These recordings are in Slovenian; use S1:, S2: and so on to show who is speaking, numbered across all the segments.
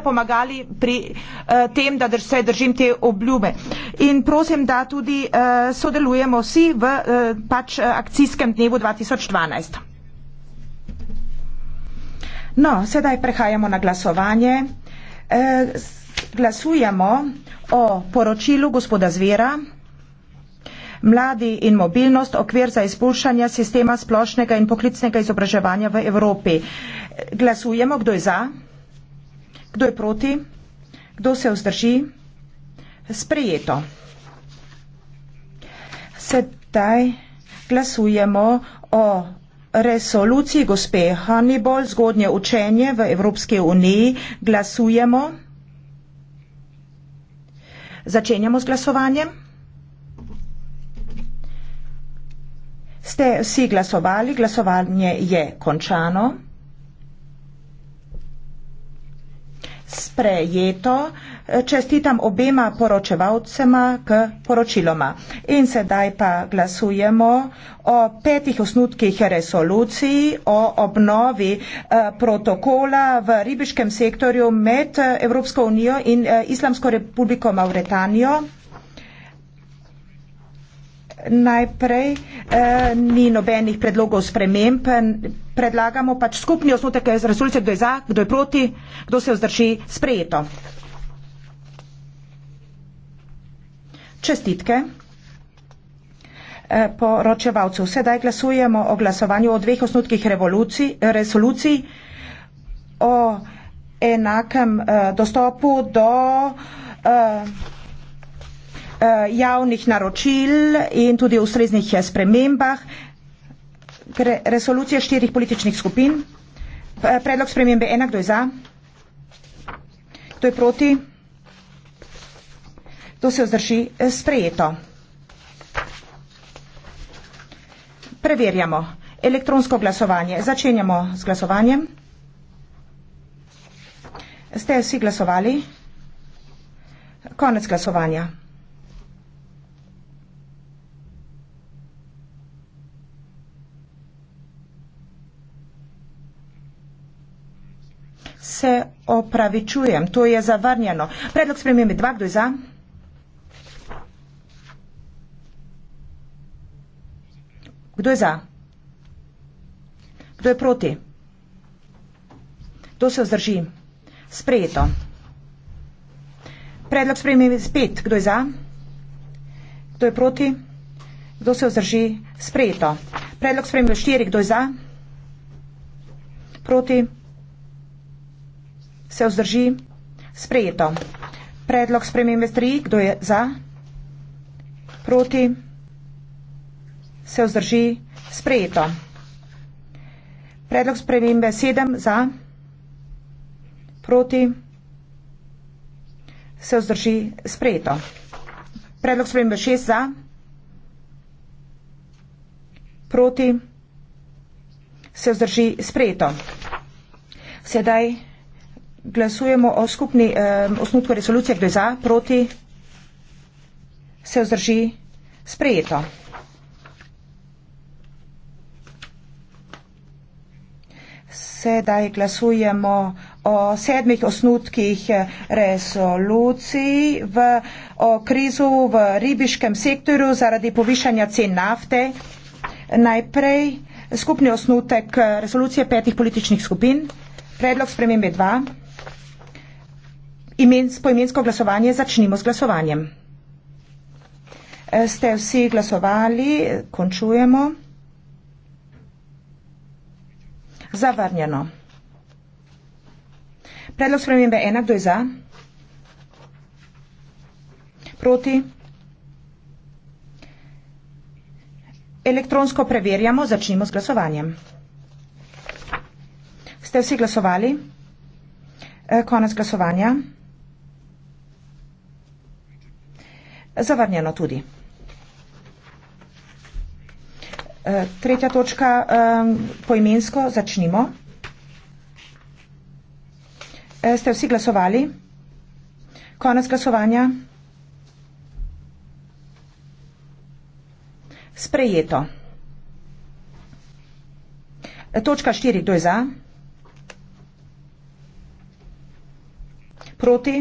S1: pomagali pri eh, tem, da drž, se držim te obljube. In prosim, da tudi eh, sodelujemo vsi v eh, pač, eh, akcijskem dnevu 2012. No, sedaj prehajamo na glasovanje. Eh, glasujemo o poročilu gospoda Zvera. Mladi in mobilnost, okvir za izboljšanje sistema splošnega in poklicnega izobraževanja v Evropi. Glasujemo, kdo je za? Kdo je proti? Kdo se vzdrži? Sprejeto. Sedaj glasujemo o resoluciji gospe Hannibal, zgodnje učenje v Evropske uniji. Glasujemo. Začenjamo s glasovanjem. Ste vsi glasovali, glasovanje je končano. sprejeto. Čestitam obema poročevalcema k poročiloma. In sedaj pa glasujemo o petih osnutkih resoluciji o obnovi eh, protokola v ribiškem sektorju med Evropsko unijo in eh, Islamsko republiko Mauretanijo najprej eh, ni nobenih predlogov sprememb, predlagamo pač skupni osnutek resolucije, kdo je za, kdo je proti, kdo se vzdrži sprejeto. Čestitke eh, poročevalcu. Sedaj glasujemo o glasovanju o dveh osnutkih resolucij o enakem eh, dostopu do eh, Eh, javnih naročil in tudi o ustreznih eh, spremembah resolucije štirih političnih skupin. Eh, predlog spremembe ena, kdo je za? Kdo je proti? To se vzdrži sprejeto. Preverjamo. Elektronsko glasovanje. Začenjamo s glasovanjem. Ste vsi glasovali? Konec glasovanja. se opravičujem, to je zavrnjeno. Predlog spremembe dva, kdo je za? Kdo je za? Kdo je proti? Kdo se vzdrži? Sprejeto. Predlog spremembe spet, kdo je za? Kdo je proti? Kdo se vzdrži? Sprejeto. Predlog spremembe štiri, kdo je za? Proti? Se vzdrži? Sprejeto. Predlog spremembe 3. Kdo je za? Proti? Se vzdrži? Sprejeto. Predlog spremembe 7. Za? Proti? Se vzdrži? Sprejeto. Predlog spremembe 6. Za? Proti? Se vzdrži? Sprejeto. Sedaj Glasujemo o skupni eh, osnutku resolucije, kdo je za, proti, se vzdrži sprejeto. Sedaj glasujemo o sedmih osnutkih eh, resoluciji v, o krizu v ribiškem sektorju zaradi povišanja cen nafte. Najprej skupni osnutek eh, resolucije petih političnih skupin. Predlog spremembe 2 poimensko glasovanje začnimo z glasovanjem. E, ste vsi glasovali? Končujemo. Zavrnjeno. Predlog spremembe ena, kdo je za? Proti? Elektronsko preverjamo, začnimo z glasovanjem. Ste vsi glasovali? E, konec glasovanja. zavrnjeno tudi. E, tretja točka, e, poimensko začnimo. E, ste vsi glasovali? Konec glasovanja? Sprejeto. Točka štiri, kdo je za? Proti?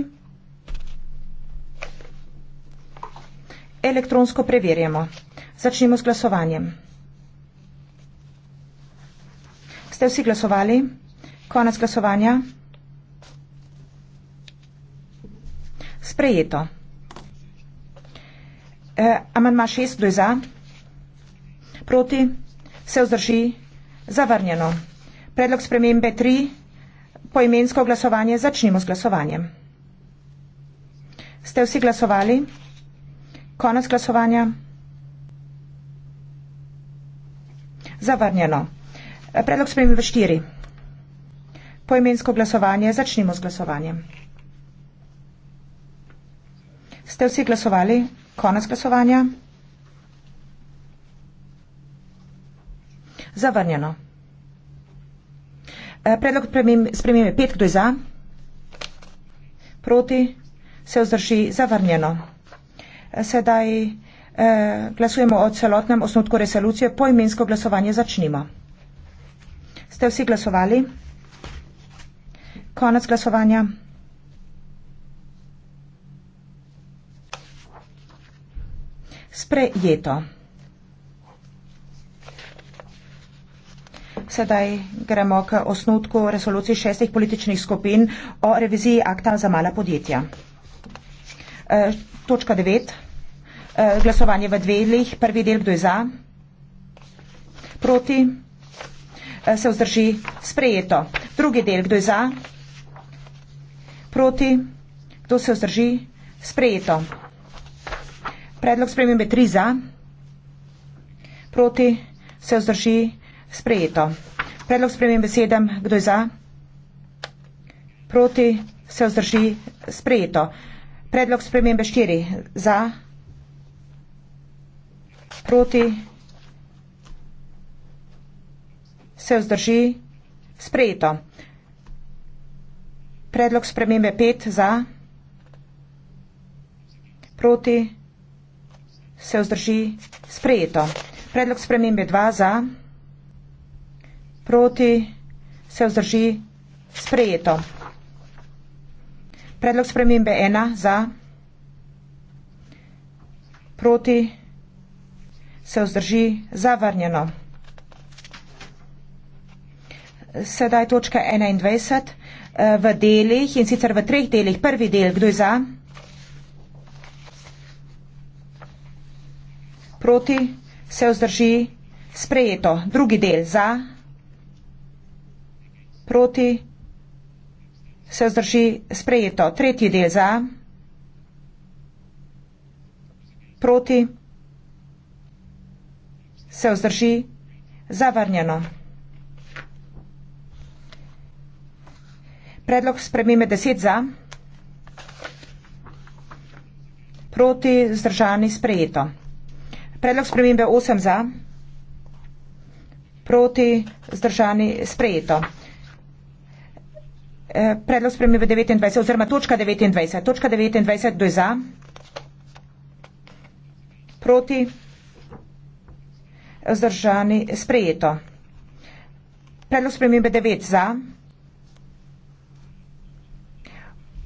S1: elektronsko preverjamo. Začnimo s glasovanjem. Ste vsi glasovali? Konec glasovanja? Sprejeto. E, amandma šest, kdo je za? Proti? Se vzdrži? Zavrnjeno. Predlog spremembe tri, poimensko glasovanje, začnimo s glasovanjem. Ste vsi glasovali? Konec glasovanja. Zavrnjeno. Predlog sprejme v štiri. Poimensko glasovanje. Začnimo z glasovanjem. Ste vsi glasovali? Konec glasovanja. Zavrnjeno. Eh, predlog sprejme pet. Kdo je za? Proti? Se vzdrži? Zavrnjeno. Sedaj eh, glasujemo o celotnem osnutku resolucije. Poimensko glasovanje začnimo. Ste vsi glasovali? Konec glasovanja. Sprejeto. Sedaj gremo k osnutku resoluciji šestih političnih skupin o reviziji akta za mala podjetja. Eh, točka devet, e, glasovanje v dveh, prvi del, kdo je za, proti, e, se vzdrži sprejeto. Drugi del, kdo je za, proti, kdo se vzdrži sprejeto. Predlog spremembe tri za, proti, se vzdrži sprejeto. Predlog spremembe sedem, kdo je za, proti, se vzdrži sprejeto. Predlog spremembe štiri za, proti, se vzdrži, sprejeto. Predlog spremembe pet za, proti, se vzdrži, sprejeto. Predlog spremembe dva za, proti, se vzdrži, sprejeto. Predlog spremembe ena za, proti, se vzdrži, zavrnjeno. Sedaj točka 21 eh, v delih in sicer v treh delih. Prvi del, kdo je za? Proti se vzdrži sprejeto. Drugi del za. Proti se zdrži sprejeto. Tretji del za, proti, se zdrži zavrnjeno. Predlog spremembe 10 za, proti, zdržani, sprejeto. Predlog spremembe 8 za, proti, zdržani, sprejeto. Eh, predlog spremljiv 29, oziroma točka 29. Točka 29, kdo je za? Proti? Zdržani? Sprejeto. Predlog spremljiv 9, za?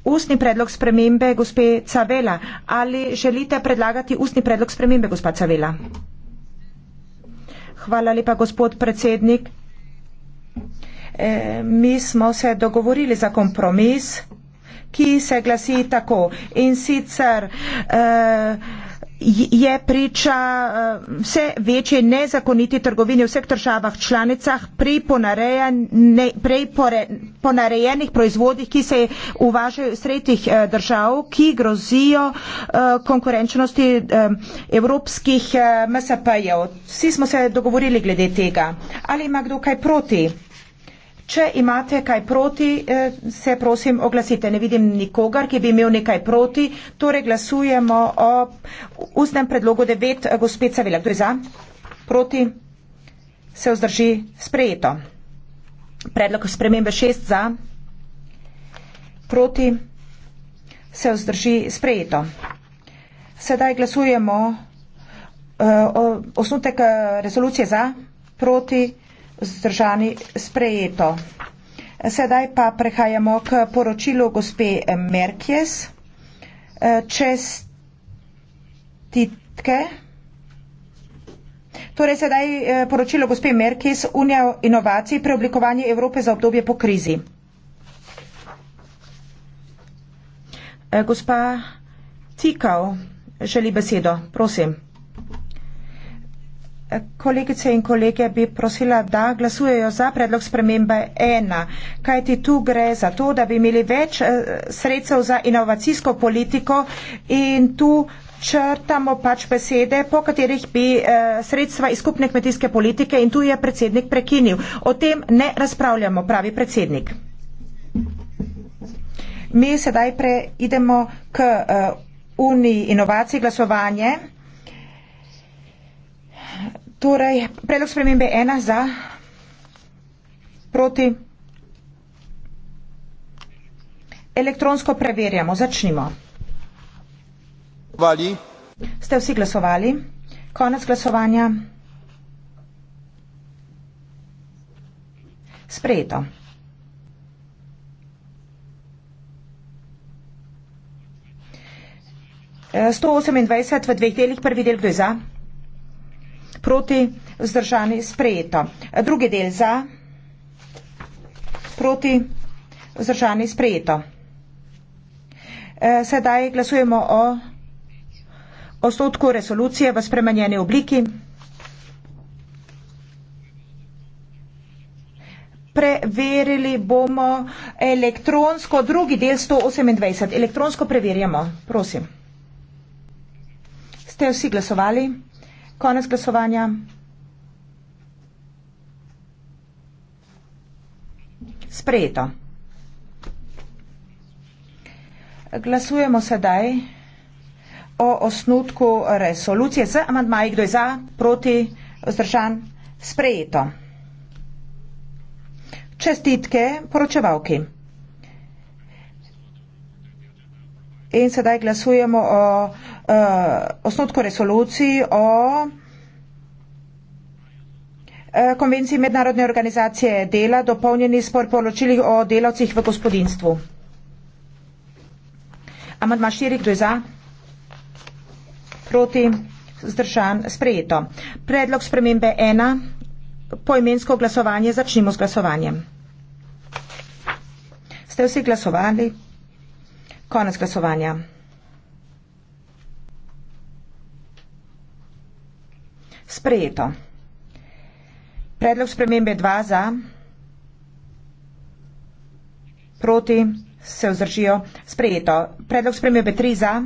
S1: Ustni predlog spremembe, gospe Cavela. Ali želite predlagati ustni predlog spremembe, gospa Cavela? Hvala lepa, gospod predsednik. Eh, mi smo se dogovorili za kompromis, ki se glasi tako. In sicer eh, je priča eh, vse večje nezakoniti trgovini v vseh državah članicah pri ponarejenih proizvodih, ki se uvažajo iz tretjih eh, držav, ki grozijo eh, konkurenčnosti eh, evropskih eh, MSP-jev. Vsi smo se dogovorili glede tega. Ali ima kdo kaj proti? Če imate kaj proti, eh, se prosim oglasite. Ne vidim nikogar, ki bi imel nekaj proti. Torej glasujemo o ustnem predlogu 9. Eh, Gospod Savila, kdo je za? Proti? Se vzdrži sprejeto. Predlog spremembe 6 za? Proti? Se vzdrži sprejeto. Sedaj glasujemo uh, osnutek resolucije za? Proti? zdržani sprejeto. Sedaj pa prehajamo k poročilu gospe Merkjes. E, čestitke. Torej sedaj e, poročilo gospe Merkjes, Unija inovacij, preoblikovanje Evrope za obdobje po krizi. E, gospa Cikav želi besedo. Prosim kolegice in kolege bi prosila, da glasujejo za predlog spremembe ena, kajti tu gre za to, da bi imeli več eh, sredstev za inovacijsko politiko in tu črtamo pač besede, po katerih bi eh, sredstva iz skupne kmetijske politike in tu je predsednik prekinil. O tem ne razpravljamo, pravi predsednik. Mi sedaj preidemo k uh, uniji inovacij glasovanje. Torej, predlog spremembe ena za proti. Elektronsko preverjamo. Začnimo. Vali. Ste vsi glasovali? Konec glasovanja. Sprejeto. E, eh, 128 v dveh delih, prvi del, kdo je za? proti vzdržani sprejeto. Drugi del za proti vzdržani sprejeto. E, sedaj glasujemo o ostotku resolucije v spremenjeni obliki. Preverili bomo elektronsko, drugi del 128. Elektronsko preverjamo, prosim. Ste vsi glasovali? Konec glasovanja. Sprejeto. Glasujemo sedaj o osnutku resolucije z amantmaji, kdo je za, proti, vzdržan, sprejeto. Čestitke poročevalki. in sedaj glasujemo o uh, eh, osnotku resoluciji o eh, Konvenciji mednarodne organizacije dela, dopolnjeni spor poročili o delavcih v gospodinstvu. Amandma štiri, kdo je za? Proti, zdržan, sprejeto. Predlog spremembe ena, poimensko glasovanje, začnimo z glasovanjem. Ste vsi glasovali? Konec glasovanja. Sprejeto. Predlog spremembe 2 za, proti se vzdržijo. Sprejeto. Predlog spremembe 3 za,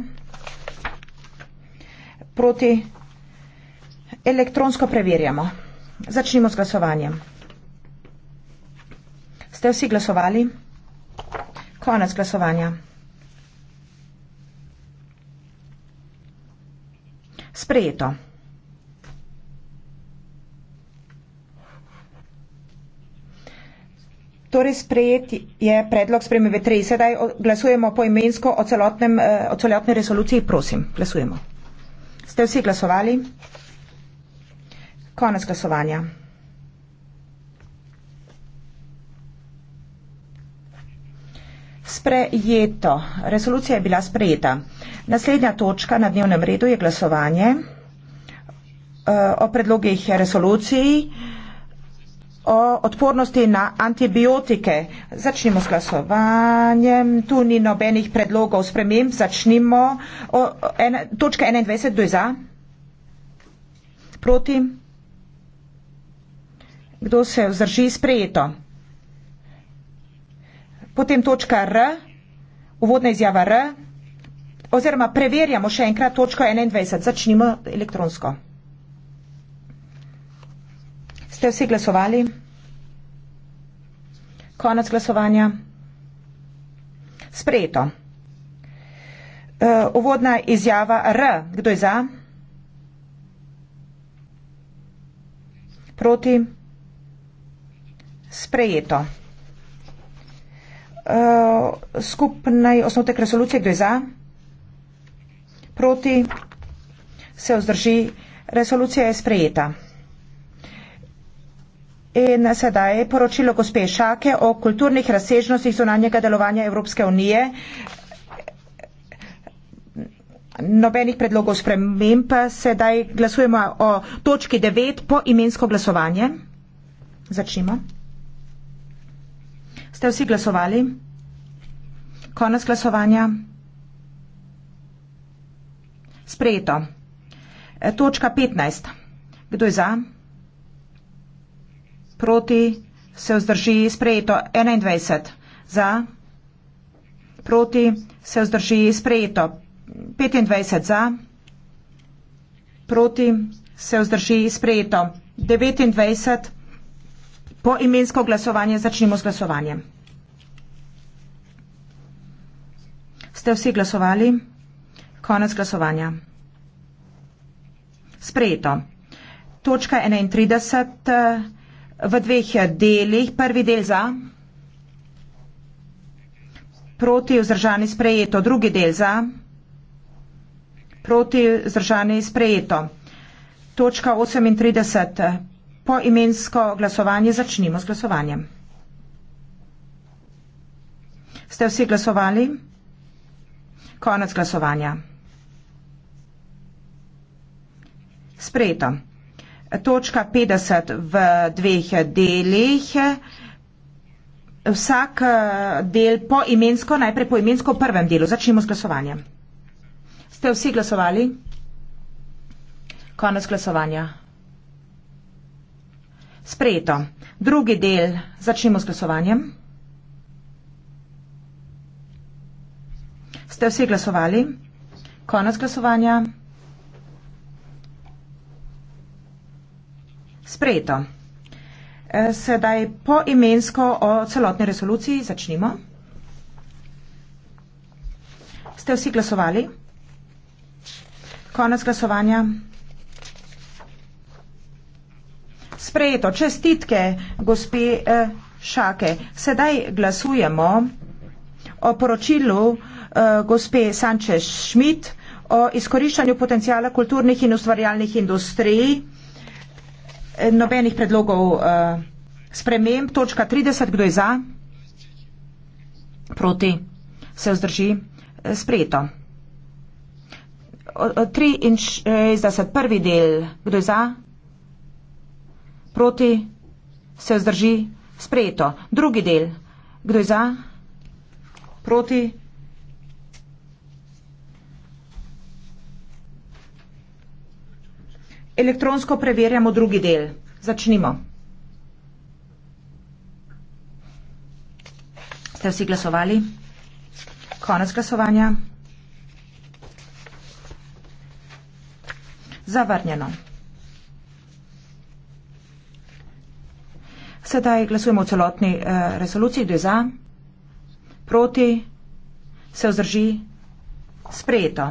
S1: proti elektronsko preverjamo. Začnimo z glasovanjem. Ste vsi glasovali? Konec glasovanja. Sprejeto. Torej sprejet je predlog spremembe 3. Sedaj glasujemo poimensko o, celotnem, eh, o celotnem resoluciji. Prosim, glasujemo. Ste vsi glasovali? Konec glasovanja. Sprejeto. Resolucija je bila sprejeta. Naslednja točka na dnevnem redu je glasovanje eh, o predlogih resoluciji o odpornosti na antibiotike. Začnimo s glasovanjem. Tu ni nobenih predlogov sprememb. Začnimo. O, en, točka 21, kdo je za? Proti? Kdo se vzdrži? Sprejeto potem točka R, uvodna izjava R, oziroma preverjamo še enkrat točko 21. Začnimo elektronsko. Ste vsi glasovali? Konec glasovanja? Sprejeto. Uh, uvodna izjava R. Kdo je za? Proti? Sprejeto uh, eh, skupnej osnotek resolucije gre za, proti se vzdrži, resolucija je sprejeta. In sedaj poročilo gospe Šake o kulturnih razsežnostih zunanjega delovanja Evropske unije. Nobenih predlogov sprememb, pa sedaj glasujemo o točki 9 po imensko glasovanje. Začnimo. Ste vsi glasovali? Konec glasovanja? Sprejeto. E, točka 15. Kdo je za? Proti se vzdrži sprejeto 21. Za? Proti se vzdrži sprejeto 25. Za? Proti se vzdrži sprejeto 29 poimensko glasovanje. Začnimo z glasovanjem. Ste vsi glasovali? Konec glasovanja. Sprejeto. Točka 31 eh, v dveh delih. Prvi del za. Proti vzdržani sprejeto. Drugi del za. Proti vzdržani sprejeto. Točka 38. Po imensko glasovanje začnimo z glasovanjem. Ste vsi glasovali? Konec glasovanja. Sprejeto. Točka 50 v dveh delih. Vsak eh, del po imensko, najprej po imensko v prvem delu. Začnimo z glasovanjem. Ste vsi glasovali? Konec glasovanja. Sprejeto. Drugi del. Začnimo s glasovanjem. Ste vsi glasovali? Konec glasovanja. Sprejeto. E, sedaj po imensko o celotni resoluciji začnimo. Ste vsi glasovali? Konec glasovanja. sprejeto. Čestitke, gospe eh, Šake. Sedaj glasujemo o poročilu eh, gospe Sančeš Šmit o izkoriščanju potencijala kulturnih in ustvarjalnih industrij. Eh, nobenih predlogov sprememb. Točka 30. Kdo je za? Proti. Se vzdrži. Sprejeto. 3 in 61. Prvi del. Kdo je za? Proti se vzdrži sprejeto. Drugi del. Kdo je za? Proti. Elektronsko preverjamo drugi del. Začnimo. Ste vsi glasovali? Konec glasovanja. Zavrnjeno. Sedaj glasujemo o celotni eh, resoluciji, kdo je za, proti, se vzdrži, sprejeto.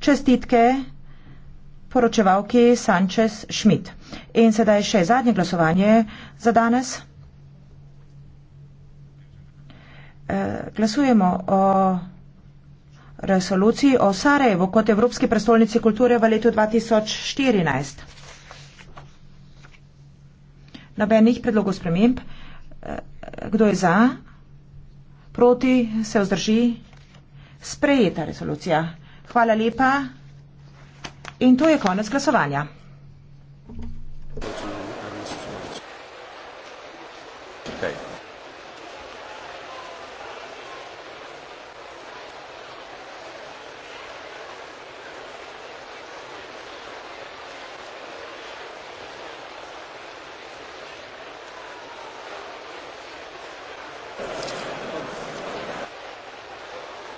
S1: Čestitke poročevalki Sanchez Schmidt. In sedaj še zadnje glasovanje za danes. Eh, glasujemo o resoluciji o Sarajevu kot Evropski prestolnici kulture v letu 2014 nobenih predlogov sprememb. Eh, kdo je za? Proti se vzdrži? Sprejeta resolucija. Hvala lepa. In to je konec glasovanja.